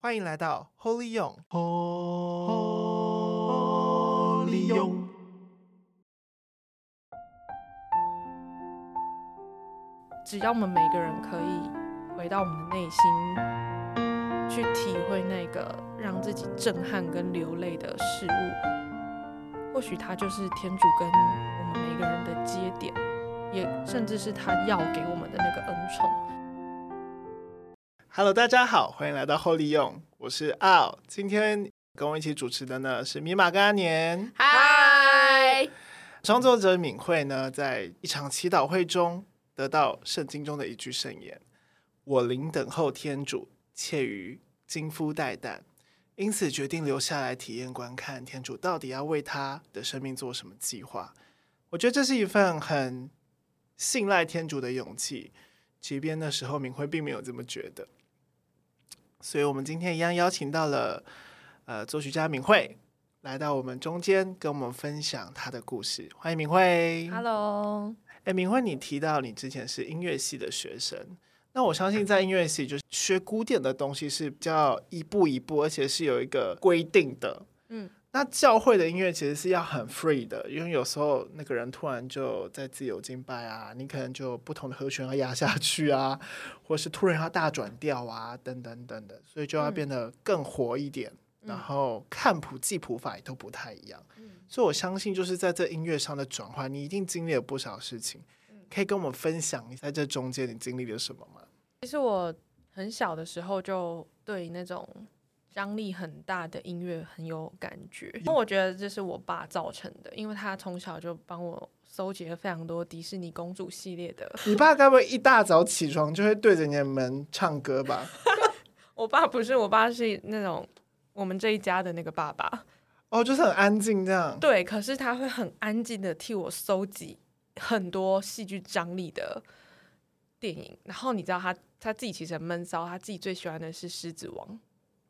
歡迎來到 Holy Yong，oh。Holy Yong。只要我們每個人可以回到我們的內心，去體會那個讓自己震撼跟流淚的事物，或許它就是天主跟我們每個人的接點，也甚至是他要給我們的那個恩寵。Hello，大家好，歡迎來到 Holy 勇，我是奧，今天跟我一起主持的呢是米瑪跟阿年。嗨。創作者敏慧呢，在一場祈禱會中得到聖經中的一句聖言：“我靈等候天主，切於金夫待旦。”因此決定留下來體驗觀看天主到底要為他的生命做什麼計劃。我覺得這是一份很信賴天主的勇氣。即便那時候，敏慧並沒有這麼覺得。所以，我們今天一樣邀請到了呃作曲家敏慧來到我們中間，跟我們分享她的故事。歡迎敏慧，Hello。哎，敏慧，敏慧你提到你之前是音樂系的學生，那我相信在音樂系就是學古典的東西是比較一步一步，而且是有一個規定的。嗯。那教會的音樂其實是要很 free 的，因為有時候那個人突然就在自由敬拜啊，你可能就不同的和弦要壓下去啊，或是突然要大轉調啊，等等等等，所以就要變得更活一點，嗯、然後看譜記譜法也都不太一樣。嗯、所以我相信，就是在這音樂上的轉換，你一定經歷了不少事情，可以跟我們分享一下這中間你經歷了什麼嗎？其實我很小的時候就對那種。張力很大的音樂很有感覺，我覺得這是我爸造成的，因為他從小就幫我搜集了非常多迪士尼公主系列的。你爸該不會一大早起床就會對着你的門唱歌吧？ 我爸不是，我爸是那種我們這一家的那個爸爸。哦，就是很安靜這樣。對，可是他會很安靜的替我搜集很多戲劇張力的電影。然後你知道他他自己其實悶騷，他自己最喜歡的是《獅子王》。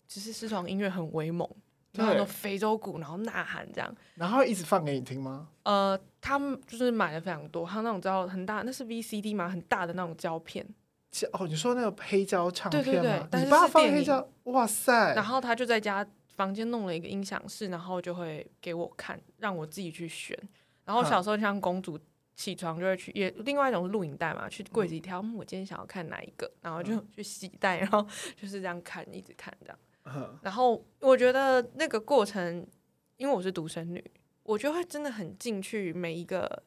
其、就、實、是、私藏音樂很威猛，有很多非洲鼓，然後吶喊這樣。然後一直放給你聽嗎？呃，他們就是買了非常多，他那種知道很大，那是 VCD 嘛，很大的那種膠片。膠哦，你說那個黑膠唱片，啊？對對對。你爸放黑膠？哇塞！然後他就在家房間弄了一個音響室，然後就會給我看，讓我自己去選。然後小時候像公主起床就會去，也另外一種是錄影帶嘛，去櫃子裡挑。嗯、我今天想要看哪一個，然後就去洗帶，然後就是這樣看，一直看這樣。然後我覺得那個過程，因為我是獨生女，我覺得會真的很進去每一個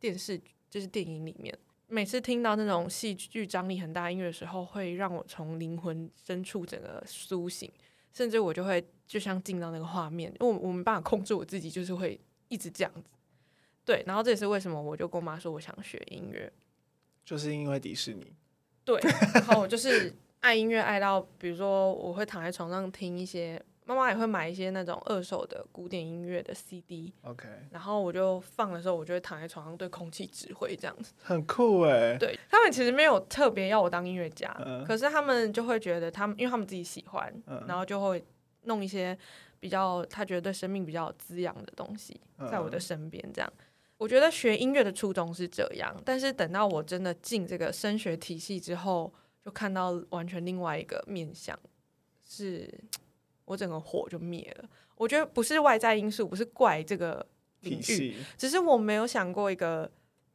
電視劇，就是電影裡面。每次聽到那種戲劇張力很大音樂的時候，會讓我從靈魂深處整個甦醒，甚至我就會就像進到那個畫面，因為我我沒辦法控制我自己，就是會一直這樣子。對，然後這也是為什麼我就跟我媽說我想學音樂，就是因為迪士尼。對，然後就是。 愛音樂愛到，比如說我會躺在床上聽一些，媽媽也會買一些那種二手的古典音樂的 CD。OK，然後我就放的時候，我就會躺在床上對空氣指揮這樣子。很酷哎！對，他們其實沒有特別要我當音樂家，可是他們就會覺得他們，因為他們自己喜歡，然後就會弄一些比較他覺得生命比較滋養的東西在我的身邊。這樣，我覺得學音樂的初衷是這樣，但是等到我真的進這個升學體系之後。就看到完全另外一個面向，是我整個火就滅了。我覺得不是外在因素，不是怪這個領域，只是我沒有想過一個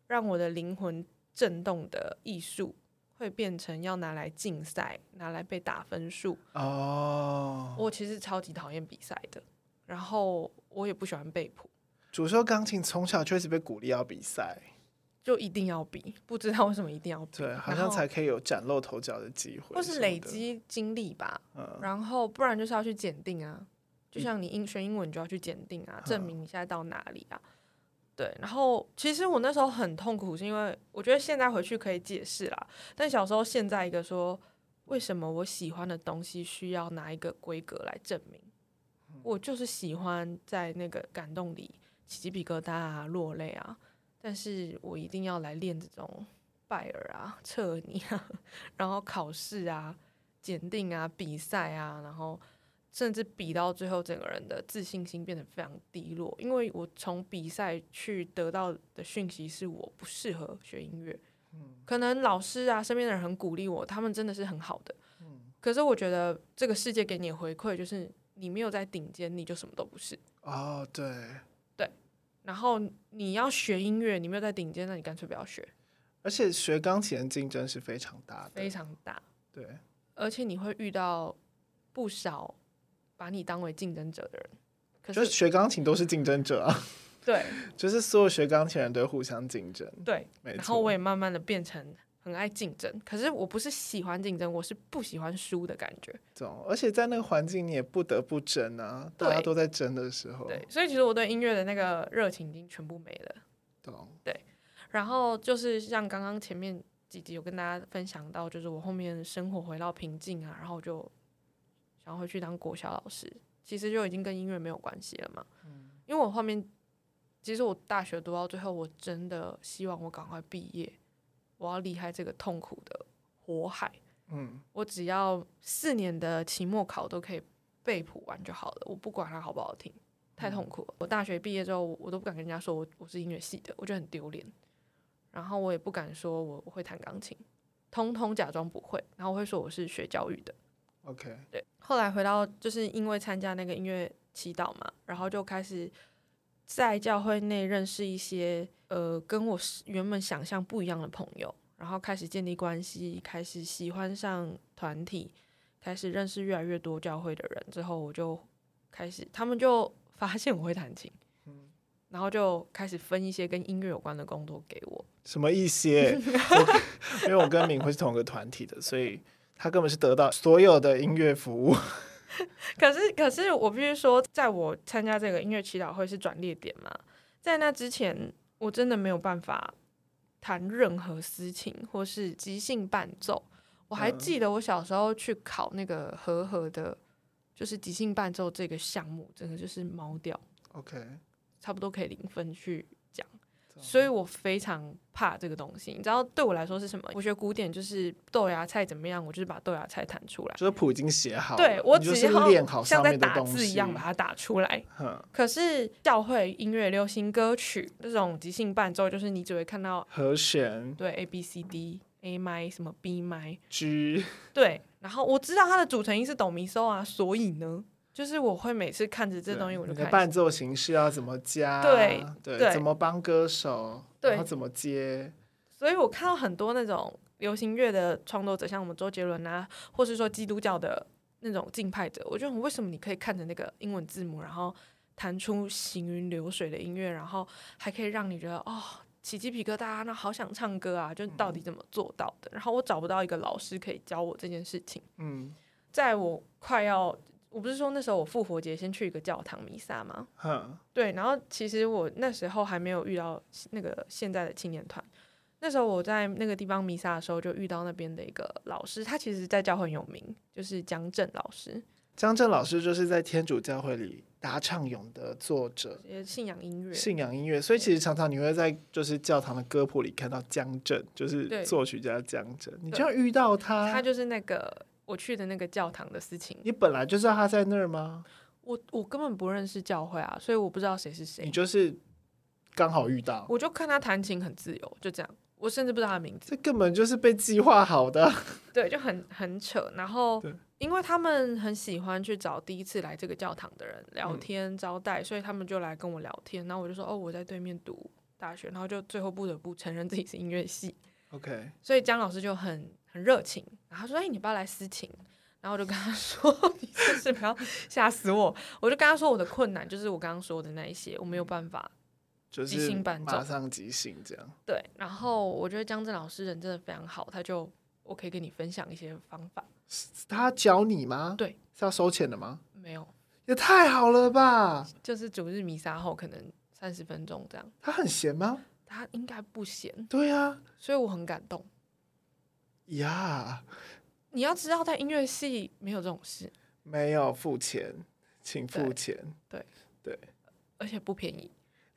讓我的靈魂震動的藝術會變成要拿來競賽、拿來被打分數。哦，我其實超級討厭比賽的，然後我也不喜歡背譜。主修鋼琴，從小確實被鼓勵要比賽。就一定要比，不知道為什麼一定要比，對，好像才可以有嶄露頭角的機會，或是累積經歷吧、嗯。然後不然就是要去檢定啊、嗯，就像你英學英文，就要去檢定啊、嗯，證明你現在到哪裡啊。嗯、對，然後其實我那時候很痛苦，是因為我覺得現在回去可以解釋啦，但小時候現在一個說為什麼我喜歡的東西需要拿一個規格來證明，我就是喜歡在那個感動裡起雞皮疙瘩啊，落淚啊。但是我一定要來練這種拜耳啊、徹尼啊，然後考試啊、檢定啊、比賽啊，然後甚至比到最後，整個人的自信心變得非常低落。因為我從比賽去得到的訊息是我不適合學音樂。嗯、可能老師啊、身邊的人很鼓勵我，他們真的是很好的、嗯。可是我覺得這個世界給你回饋就是你沒有在頂尖，你就什麼都不是。哦，對。然後你要學音樂，你沒有在頂尖，那你乾脆不要學。而且學鋼琴的競爭是非常大的，非常大。對，而且你會遇到不少把你當為競爭者的人。是，就是學鋼琴都是競爭者啊。嗯、 對，就是所有學鋼琴的人都互相競爭。對，然後我也慢慢的變成。很愛競爭，可是我不是喜歡競爭，我是不喜歡輸的感覺。懂，而且在那個環境，你也不得不爭啊，大家都在爭的時候。對，所以其實我對音樂的那個熱情已經全部沒了。懂，對，然後就是像剛剛前面幾集有跟大家分享到，就是我後面生活回到平靜啊，然後我就想要回去當國小老師，其實就已經跟音樂沒有關係了嘛。嗯，因為我後面其實我大學讀到最後，我真的希望我趕快畢業。我要離開這個痛苦的火海，嗯，我只要四年的期末考都可以背譜完就好了，我不管它好不好聽，太痛苦了。嗯，我大學畢業之後，我都不敢跟人家說我，我是音樂系的，我覺得很丟臉，嗯，然後我也不敢說我，我會彈鋼琴，通通假裝不會，然後我會說我是學教育的，OK，對。後來回到就是因為參加那個音樂祈禱嘛，然後就開始。在教會內認識一些呃，跟我原本想象不一樣的朋友，然後開始建立關係，開始喜歡上團體，開始認識越來越多教會的人之後，我就開始他們就發現我會彈琴，嗯，然後就開始分一些跟音樂有關的工作給我，什麼一些， 因為我跟敏慧是同一個團體的，所以他根本是得到所有的音樂服務。 可是，可是，我必須說，在我參加這個音樂祈禱會是轉捩點嘛。在那之前，我真的沒有辦法談任何私情或是即興伴奏。我還記得我小時候去考那個和和的，就是即興伴奏這個項目，真的就是貓叫。OK，差不多可以零分去。所以我非常怕這個東西，你知道對我來說是什麼？我覺得古典就是豆芽菜怎麼樣？我就是把豆芽菜彈出來，就是譜已經寫好了，對，我只是練好像在打字一樣把它打出來。是可是教會音樂流行歌曲這種即興伴奏，就是你只會看到和弦，對，A B C D A 麥，什麼 B 麥 G 對，然後我知道它的組成音是哆咪嗦啊，所以呢。就是我會每次看着這東西，我就開你的伴奏形式要怎麼加？對對，對，對，怎麼幫歌手？對，然後怎麼接？所以我看到很多那種流行樂的創作者，像我們周杰倫啊，或是說基督教的那種敬拜者，我覺得為什麼你可以看着那個英文字母，然後彈出行雲流水的音樂，然後還可以讓你覺得哦，起雞皮疙瘩，那好想唱歌啊，就到底怎麼做到的？嗯。然後我找不到一個老師可以教我這件事情。嗯，在我快要。我不是說那時候我復活節先去一個教堂彌撒嗎？嗯，對。然後其實我那時候還沒有遇到那個現在的青年團。那時候我在那個地方彌撒的時候，就遇到那邊的一個老師，他其實在教會很有名，就是江正老師。江正老師就是在天主教會裡答唱詠的作者，也信仰音樂，信仰音樂。所以其實常常你會在就是教堂的歌譜裡看到江正，就是作曲家江正。你就要遇到他，他就是那個。我去的那個教堂的事情，你本來就知道他在那兒嗎？我我根本不認識教會啊，所以我不知道誰是誰。你就是剛好遇到，我就看他彈琴很自由，就這樣，我甚至不知道他名字。這根本就是被計劃好的， 對，就很很扯。然後因為他們很喜歡去找第一次來這個教堂的人聊天、嗯、招待，所以他們就來跟我聊天。然後我就說，哦，我在對面讀大學，然後就最後不得不承認自己是音樂系。OK，所以江老師就很很熱情，然後他說：“哎、欸，你不要來私情。”然後我就跟他說：“ 你真是不要嚇死我！”我就跟他說我的困難就是我剛剛說的那一些，我沒有辦法、就是、即興伴奏，馬上即興這樣。對，然後我覺得江振老師人真的非常好，他就我可以跟你分享一些方法。他教你嗎？對，是要收錢的嗎？沒有，也太好了吧！就是主日彌撒後，可能三十分鐘這樣。他很閒嗎？他應該不嫌。對啊，所以我很感動。呀、yeah，你要知道，在音樂系沒有這種事。沒有付錢，請付錢。對對，對，而且不便宜。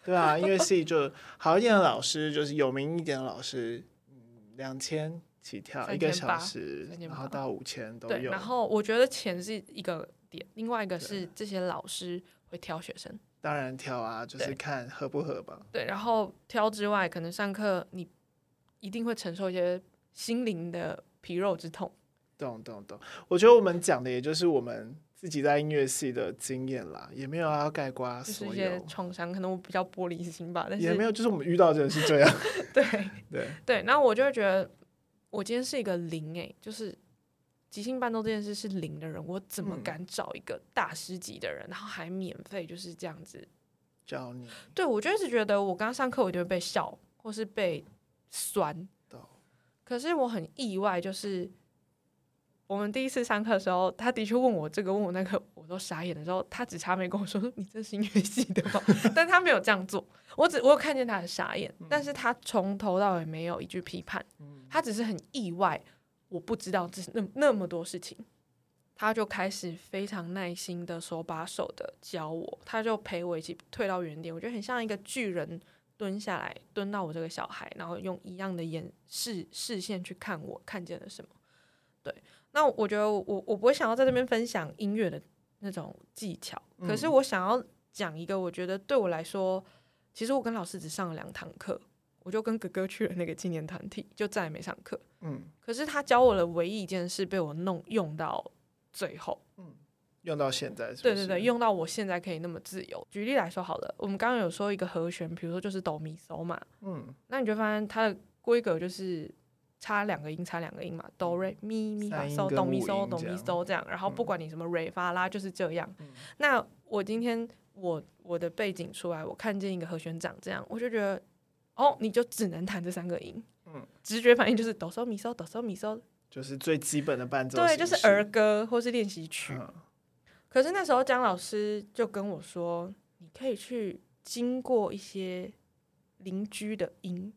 對啊，音樂系就好一點的老師， 就是有名一點的老師，嗯，兩千起跳，一個小時，然後到五千都有對。然後我覺得錢是一個點，另外一個是這些老師會挑學生。當然挑啊，就是看合不合吧。對，對，然後挑之外，可能上課你一定會承受一些心靈的皮肉之痛。懂懂懂，我覺得我們講的也就是我們自己在音樂系的經驗啦，也沒有要概括，就是，一些創傷。可能我比較玻璃心吧，但是也沒有，就是我們遇到的人是這樣。 對對對，那我就會覺得，我今天是一個零哎，就是。即興伴奏這件事是零的人，我怎麼敢找一個大師級的人，嗯、然後還免費就是這樣子教你？對，我就一直覺得，我剛上課我就會被笑或是被酸到。可是我很意外，就是我們第一次上課的時候，他的確問我這個問我那個，我都傻眼的時候，他只差沒跟我說：“你這是音樂系的嗎？” 但他沒有這樣做，我只我有看見他的傻眼、嗯，但是他從頭到尾沒有一句批判，嗯、他只是很意外。我不知道這那那麼多事情，他就開始非常耐心的手把手的教我，他就陪我一起退到原點，我覺得很像一個巨人蹲下來蹲到我這個小孩，然後用一樣的眼視視線去看我看見了什麼。對，那我覺得我我不會想要在這邊分享音樂的那種技巧，嗯、可是我想要講一個我覺得對我來說，其實我跟老師只上了兩堂課。我就跟哥哥去了那個青年團體，就再也沒上課、嗯。可是他教我的唯一一件事被我弄用到最後，嗯，用到現在是不是。對對對，用到我現在可以那麼自由。舉例來說，好了，我們剛剛有說一個和弦，比如說就是哆咪嗦嘛，嗯，那你就發現它的規格就是差兩個音，差兩個音嘛，哆瑞咪咪發嗦哆咪嗦哆咪嗦這樣，然後不管你什麼瑞發啦，就是這樣、嗯。那我今天我我的背景出來，我看見一個和弦長這樣，我就覺得。哦、oh，你就只能彈這三個音，嗯，直覺反應就是哆嗦咪嗦哆嗦咪嗦，就是最基本的伴奏，對，就是兒歌或是練習曲。嗯、可是那時候姜老師就跟我說，你可以去經過一些鄰居的音、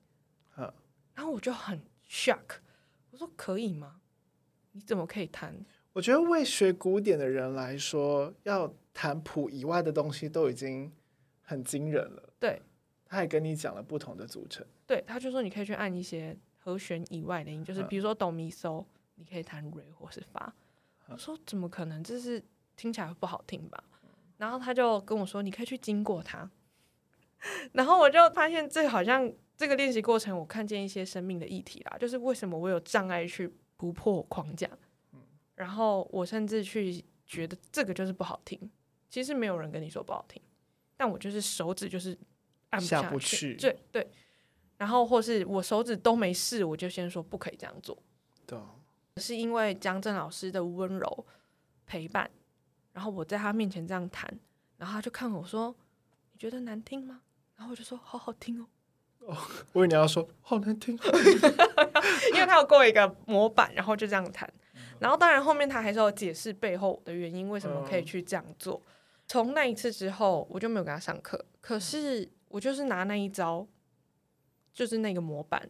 嗯，然後我就很 shock，我說可以嗎？你怎麼可以彈？我覺得為學古典的人來說，要彈譜以外的東西都已經很驚人了，對。他還跟你講了不同的組成，對，他就說你可以去按一些和弦以外的音，就是比如說哆咪嗦，你可以彈瑞或是發。我說怎麼可能？這是聽起來會不好聽吧，嗯？然後他就跟我說，你可以去經過它。 然後我就發現，這好像這個練習過程，我看見一些生命的議題啦，就是為什麼我有障礙去突破框架？嗯，然後我甚至去覺得這個就是不好聽。其實沒有人跟你說不好聽，但我就是手指就是。按不下，下不去，對對，然後或是我手指都沒事，我就先說不可以這樣做。對，是因為江正老師的溫柔陪伴，然後我在他面前這樣彈，然後他就看我說：“你覺得難聽嗎？”然後我就說：“好好聽哦。”哦，我以為你要說“好難聽”， 因為他有過一個模板，然後就這樣彈，嗯。然後當然後面他還是有解釋背後的原因，為什麼可以去這樣做。嗯、從那一次之後，我就沒有跟他上課，可是。嗯我就是拿那一招，就是那個模板，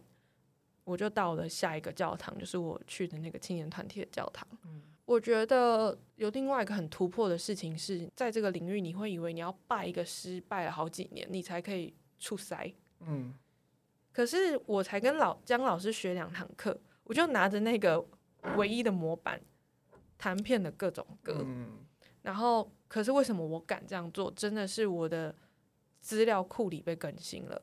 我就到了下一個教堂，就是我去的那個青年團體的教堂。嗯，我覺得有另外一個很突破的事情是，在這個領域，你會以為你要拜一個師，拜了好幾年，你才可以出師。嗯，可是我才跟老姜老師學兩堂課，我就拿着那個唯一的模板，嗯，彈遍了各種歌。嗯，然後可是為什麼我敢這樣做？真的是我的。資料庫裡被更新了。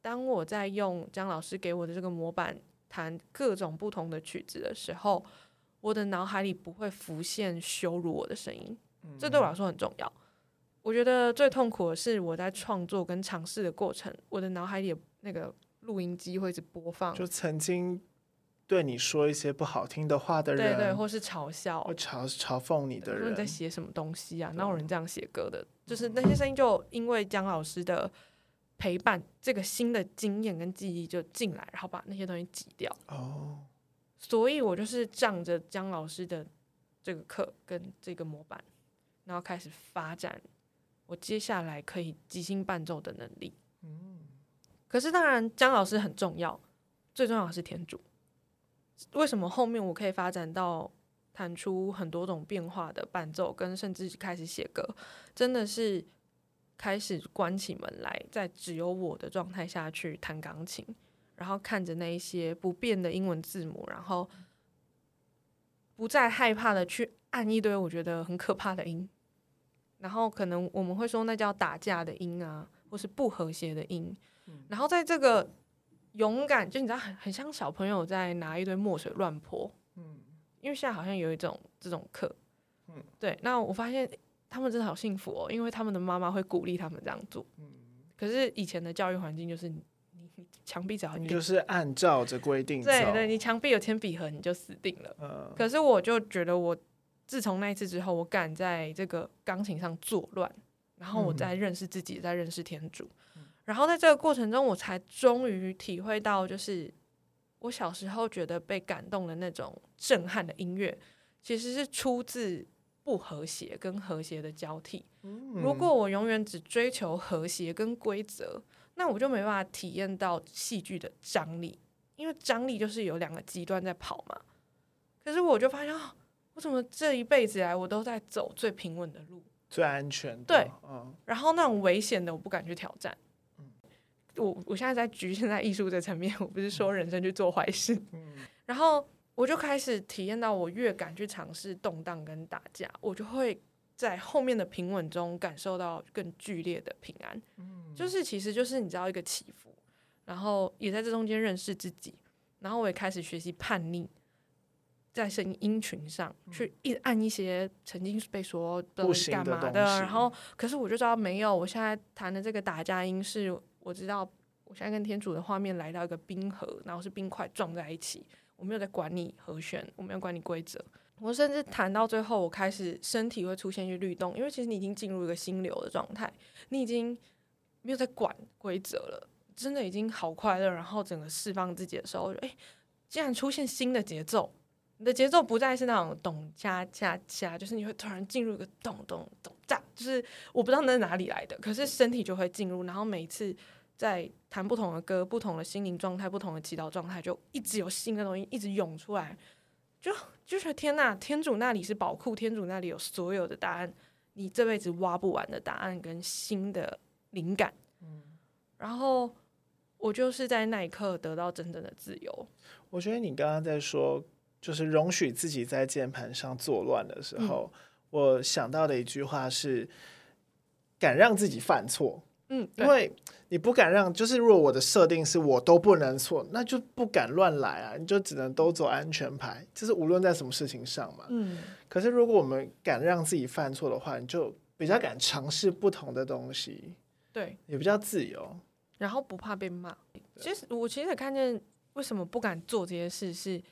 當我在用江老師給我的這個模板彈各種不同的曲子的時候，我的腦海裡不會浮現羞辱我的聲音，嗯，這對我來說很重要。我覺得最痛苦的是我在創作跟嘗試的過程，我的腦海裡有那個錄音機會一直播放。就曾經對你說一些不好聽的話的人，對對，對，或是嘲笑、或嘲嘲諷你的人。你在寫什麼東西啊？哪有人這樣寫歌的？就是那些聲音，就因為姜老師的陪伴，這個新的經驗跟記憶就進來，然後把那些東西擠掉。所以我就是仗着姜老師的這個課跟這個模板，然後開始發展我接下來可以即興伴奏的能力。可是當然，姜老師很重要，最重要的是天主。為什麼後面我可以發展到？彈出很多種變化的伴奏，跟甚至開始寫歌，真的是開始關起門來，在只有我的狀態下去彈鋼琴，然後看着那一些不變的英文字母，然後不再害怕的去按一堆我覺得很可怕的音，然後可能我們會說那叫打架的音啊，或是不和諧的音，然後在這個勇敢，就你知道很，很很像小朋友在拿一堆墨水亂潑。因為現在好像有一種這種課，嗯，對。那我發現、欸、他們真的好幸福哦，因為他們的媽媽會鼓勵他們這樣做。嗯，可是以前的教育環境就是你牆壁只要你就是按照着規定。對對，你牆壁有鉛筆盒，你就死定了、嗯。可是我就覺得我，我自從那一次之後，我敢在這個鋼琴上作亂，然後我再認識自己、嗯，再認識天主，然後在這個過程中，我才終於體會到，就是。我小時候覺得被感動的那種震撼的音樂，其實是出自不和諧跟和諧的交替。嗯。如果我永遠只追求和諧跟規則，那我就沒辦法體驗到戲劇的張力，因為張力就是有兩個極端在跑嘛。可是我就發現，啊，我怎麼這一輩子來，我都在走最平穩的路，最安全的。對，嗯，然後那種危險的，我不敢去挑戰。我我現在在局限在藝術這層面，我不是說人生去做壞事。嗯，然後我就開始體驗到，我越敢去嘗試動盪跟打架，我就會在後面的平穩中感受到更劇烈的平安。嗯，就是其實就是你知道一個起伏，然後也在這中間認識自己，然後我也開始學習叛逆，在聲音，音群上去一按一些曾經被說的，的幹嘛的，然後可是我就知道沒有，我現在彈的這個打架音是。我知道我現在跟天主的畫面來到一個冰河，然後是冰塊撞在一起。我沒有在管你和弦，我沒有管你規則。我甚至彈到最後，我開始身體會出現一些律動，因為其實你已經進入一個心流的狀態，你已經沒有在管規則了，真的已經好快樂。然後整個釋放自己的時候，哎，竟、欸、然出現新的節奏，你的節奏不再是那種咚加加加，就是你會突然進入一個咚咚咚咚。就是我不知道那是哪裡來的，可是身體就會進入，然後每一次在彈不同的歌、不同的心靈狀態、不同的祈禱狀態，就一直有新的東西一直湧出來，就就是，天哪，天主那裡是寶庫，天主那裡有所有的答案，你這輩子挖不完的答案跟新的靈感。嗯，然後我就是在那一刻得到真正的自由。我覺得你剛剛在說，就是容許自己在鍵盤上作亂的時候。嗯我想到的一句話是：“敢讓自己犯錯。”嗯，對，因為你不敢讓，就是如果我的設定是我都不能錯，那就不敢亂來啊！你就只能都走安全牌，就是無論在什麼事情上嘛、嗯。可是如果我們敢讓自己犯錯的話，你就比較敢嘗試不同的東西，對、嗯，也比較自由，然後不怕被罵。其實我其實也看見為什麼不敢做這些事，是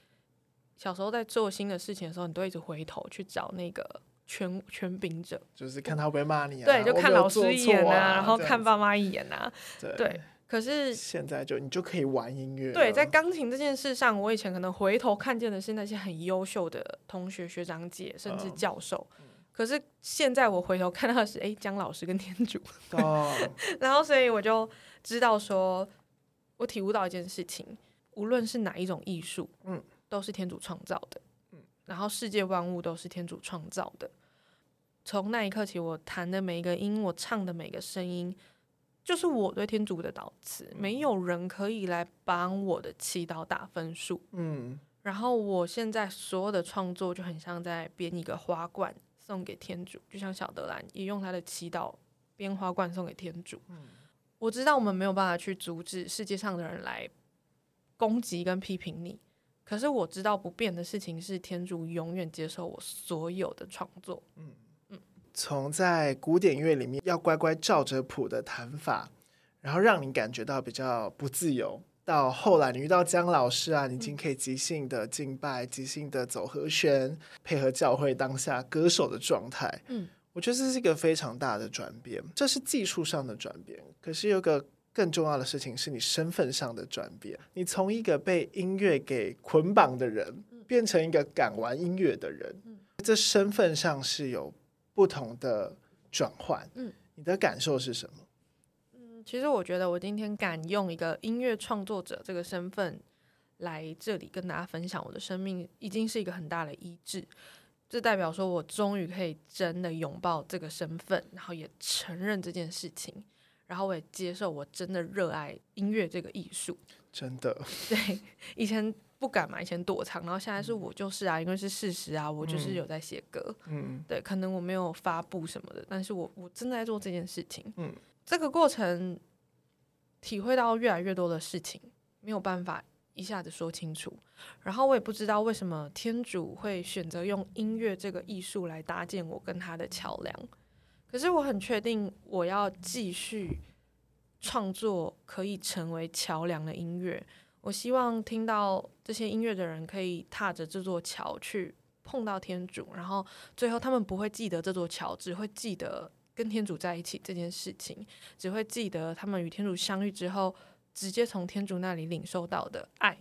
小時候在做新的事情的時候，你都一直回頭去找那個。全全秉者，就是看他會不會罵你啊？對，就看老師一眼啊，啊然後看爸媽一眼啊。對，對對，可是現在就你就可以玩音樂。對，在鋼琴這件事上，我以前可能回頭看見的是那些很優秀的同學、學長姐，甚至教授。哦、可是現在我回頭看到的是哎，薑、欸、老師跟天主。哦、 然後，所以我就知道說，我體悟到一件事情，無論是哪一種藝術，嗯，都是天主創造的。嗯，然後世界萬物都是天主創造的。從那一刻起，我彈的每一個音，我唱的每一個聲音，就是我對天主的禱詞。沒有人可以來幫我的祈禱打分數。嗯，然後我現在所有的創作就很像在編一個花冠送給天主，就像小德蘭也用他的祈禱編花冠送給天主。嗯。我知道我們沒有辦法去阻止世界上的人來攻擊跟批評你，可是我知道不變的事情是天主永遠接受我所有的創作。嗯。從在古典音樂裡面要乖乖照着譜的彈法，然後讓你感覺到比較不自由，到後來你遇到姜老師啊，你已經可以即興的敬拜、嗯、即興的走和弦，配合教會當下歌手的狀態。嗯，我覺得這是一個非常大的轉變，這是技術上的轉變。可是有一個更重要的事情，是你身份上的轉變。你從一個被音樂給捆綁的人，變成一個敢玩音樂的人、嗯。這身份上是有。不同的轉換，嗯，你的感受是什麼？嗯，其實我覺得我今天敢用一個音樂創作者這個身份來這裡跟大家分享我的生命，已經是一個很大的醫治。這代表說我終於可以真的擁抱這個身份，然後也承認這件事情，然後我也接受我真的熱愛音樂這個藝術。真的，對以前。不敢嘛，以前躲藏，然後現在是我就是啊，嗯，因為是事實啊，我就是有在寫歌，嗯，對，可能我沒有發布什麼的，但是我我正在做這件事情，嗯，這個過程體會到越來越多的事情，沒有辦法一下子說清楚，然後我也不知道為什麼天主會選擇用音樂這個藝術來搭建我跟他的橋樑，可是我很確定我要繼續創作可以成為橋樑的音樂，我希望聽到。這些音樂的人可以踏着這座橋去碰到天主，然後最後他們不會記得這座橋，只會記得跟天主在一起這件事情，只會記得他們與天主相遇之後，直接從天主那裡領受到的愛。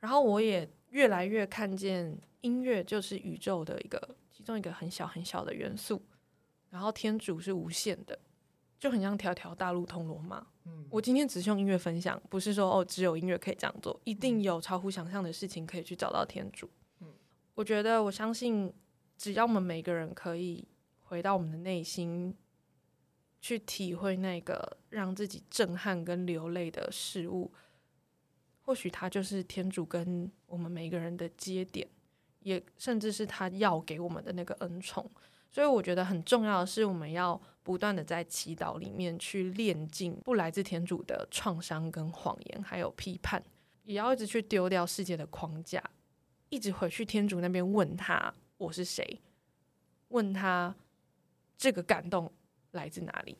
然後我也越來越看見音樂就是宇宙的一個其中一個很小很小的元素，然後天主是無限的，就很像條條大路通羅馬。我今天只是用音樂分享，不是說哦，只有音樂可以這樣做。一定有超乎想象的事情可以去找到天主。嗯。我覺得，我相信，只要我們每個人可以回到我們的內心，去體會那個讓自己震撼跟流淚的事物，或許它就是天主跟我們每個人的接點，也甚至是它要給我們的那個恩寵。所以我覺得很重要的是，我們要不斷地在祈禱裡面去煉淨不來自天主的創傷跟謊言，還有批判，也要一直去丟掉世界的框架，一直回去天主那邊問他我是誰，問他這個感動來自哪裡，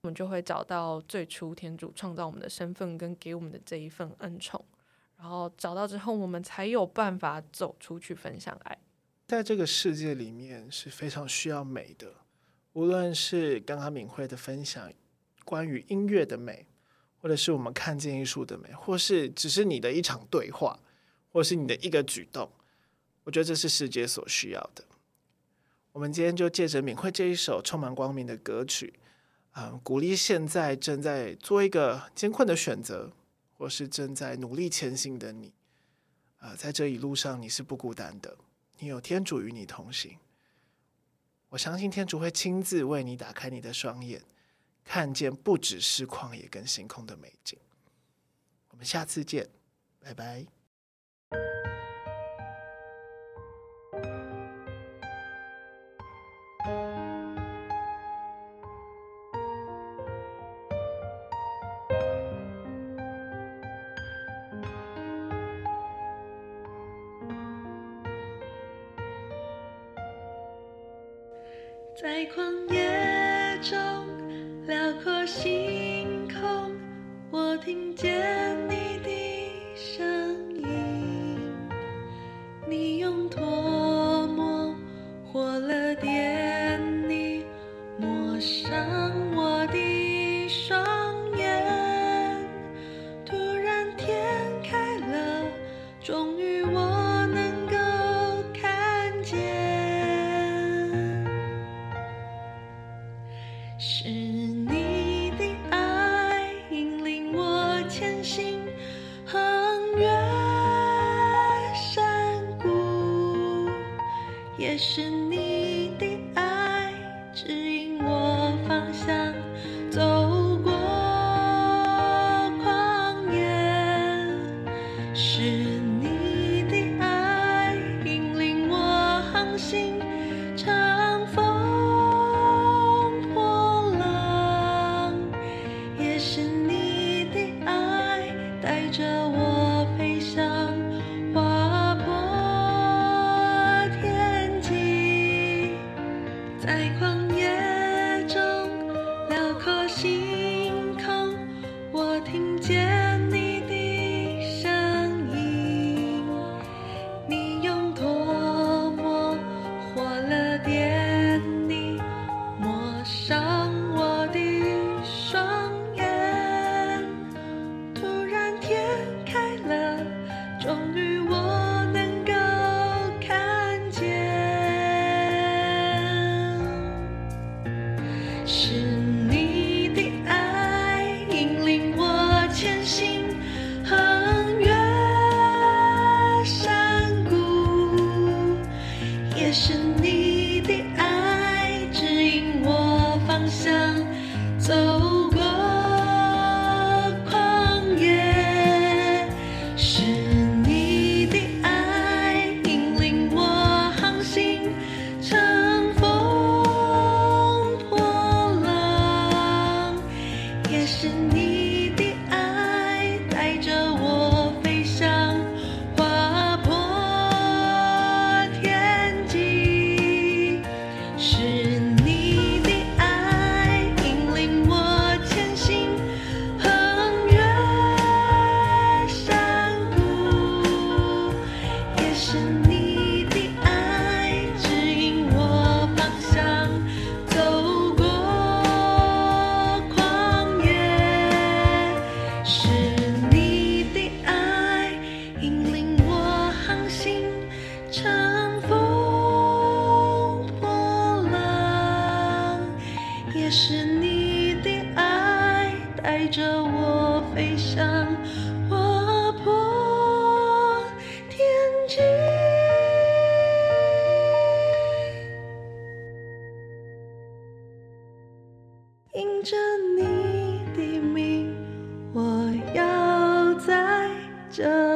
我們就會找到最初天主創造我們的身份跟給我們的這一份恩寵，然後找到之後，我們才有辦法走出去分享愛。在這個世界裡面是非常需要美的，無論是剛剛敏慧的分享關於音樂的美，或者是我們看見藝術的美，或是只是你的一場對話，或是你的一個舉動，我覺得這是世界所需要的。我們今天就借着敏慧這一首充滿光明的歌曲，啊、呃，鼓勵現在正在做一個艱困的選擇，或是正在努力前行的你，啊、呃，在這一路上你是不孤單的。你有天主與你同行，我相信天主會親自為你打開你的雙眼，看見不只是曠野跟星空的美景。我們下次見，拜拜。在曠野中，遼闊星空，我聽見你。聽着你的名，我要在這